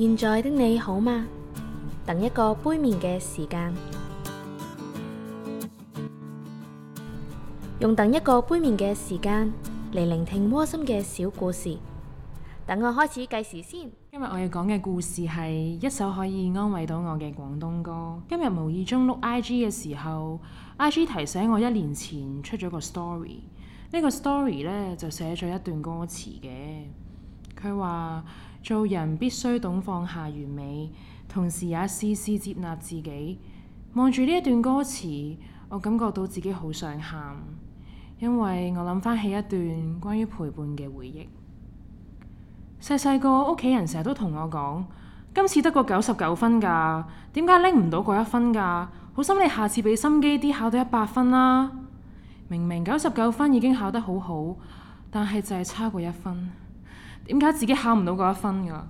現在的你好嗎？等一個杯麵嘅時間，用等一個杯麵嘅時間嚟聆聽窩心嘅小故事。等我開始計時先。今日我要講嘅故事係一首可以安慰到我嘅廣東歌。今日無意中碌 IG 嘅時候，IG 提醒我一年前出咗個 story。呢個 story 呢，就寫咗一段歌詞嘅，佢話。做人必須懂放下完美，同時也試試接納自己。望住呢一段歌詞，我感覺到自己好想喊，因為我諗翻起一段關於陪伴嘅回憶。細細個屋企人成日都同我講：今次得個九十九分㗎，點解拎唔到嗰一分㗎？好心你下次俾心機啲，考到一百分啦！明明九十九分已經考得好好，但係就係差過一分。點解自己考唔到嗰一分㗎？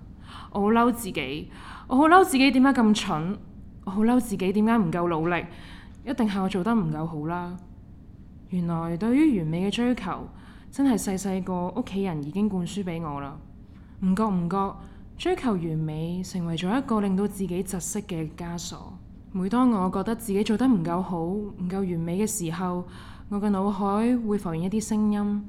我好嬲自己，我好嬲自己點解咁蠢，我好嬲自己點解唔夠努力，一定係我做得唔夠好啦。原來對於完美嘅追求，真係細細個屋企人已經灌輸俾我啦。唔覺唔覺，追求完美成為咗一個令到自己窒息嘅枷鎖。每當我覺得自己做得唔夠好、唔夠完美嘅時候，我嘅腦海會浮現一啲聲音，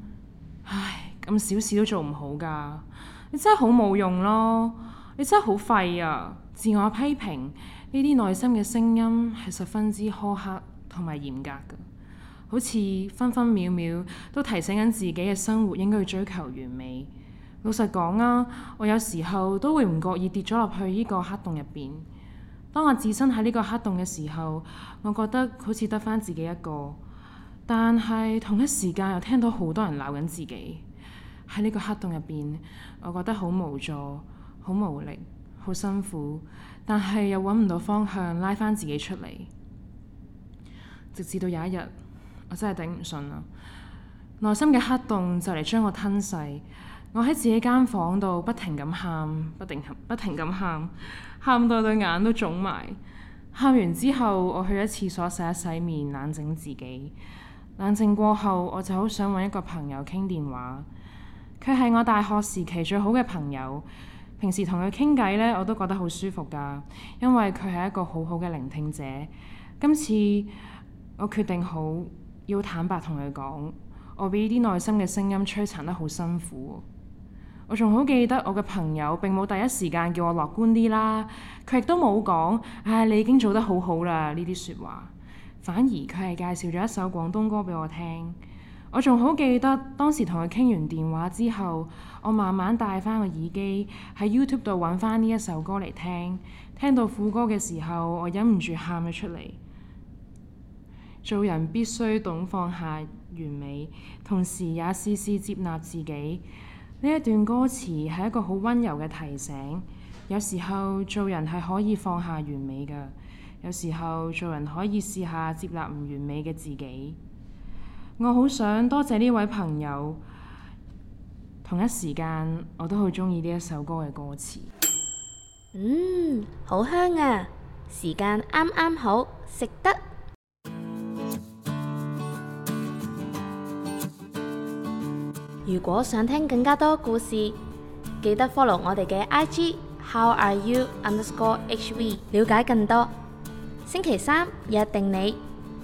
唉。咁小事都做唔好噶，你真係好冇用咯！你真係好廢啊！自我批評呢啲內心嘅聲音係十分之苛刻同埋嚴格嘅，好似分分秒秒都提醒緊自己嘅生活應該要追求完美。老實講啊，我有時候都會唔覺意跌咗落去呢個黑洞入邊。當我置身喺呢個黑洞嘅時候，我覺得好似得翻自己一個，但係同一時間又聽到好多人鬧緊自己。喺呢個黑洞入邊，我覺得好無助、好無力、好辛苦，但係又揾唔到方向，拉返自己出嚟。直至到有一日，我真係頂唔順啦。內心嘅黑洞就嚟將我吞噬。我喺自己間房度不停咁喊，不停喊，不停咁喊，喊到對眼都腫埋。喊完之後，我去咗廁所洗一洗面，冷靜自己。冷靜過後，我就好想揾一個朋友傾電話。佢係我大學時期最好嘅朋友，平時同佢傾偈咧，我都覺得好舒服㗎，因為佢係一個好好嘅聆聽者。今次我決定好要坦白同佢講，我俾啲內心嘅聲音摧殘得好辛苦。我仲好記得我嘅朋友並冇第一時間叫我樂觀啲啦，佢亦都冇講：唉、哎，你已經做得好好啦呢啲説話。反而佢係介紹咗一首廣東歌俾我聽。我仲好記得當時同佢傾完電話之後，我慢慢戴返個耳機喺 YouTube 度搵返呢一首歌嚟聽，聽到副歌嘅時候，我忍唔住喊咗出嚟。做人必須懂放下完美，同時也試試接納自己。呢一段歌詞係一個好溫柔嘅提醒，有時候做人係可以放下完美嘅，有時候做人可以試下接納唔完美嘅自己。我好想多謝呢位朋友，同一時間我都好中意呢一首歌嘅歌詞。嗯，好香啊！時間啱啱好，食得。如果想聽更加多故事，記得 follow 我哋嘅 I G How Are You Underscore H V，了解更多。星期三約定你，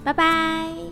拜拜。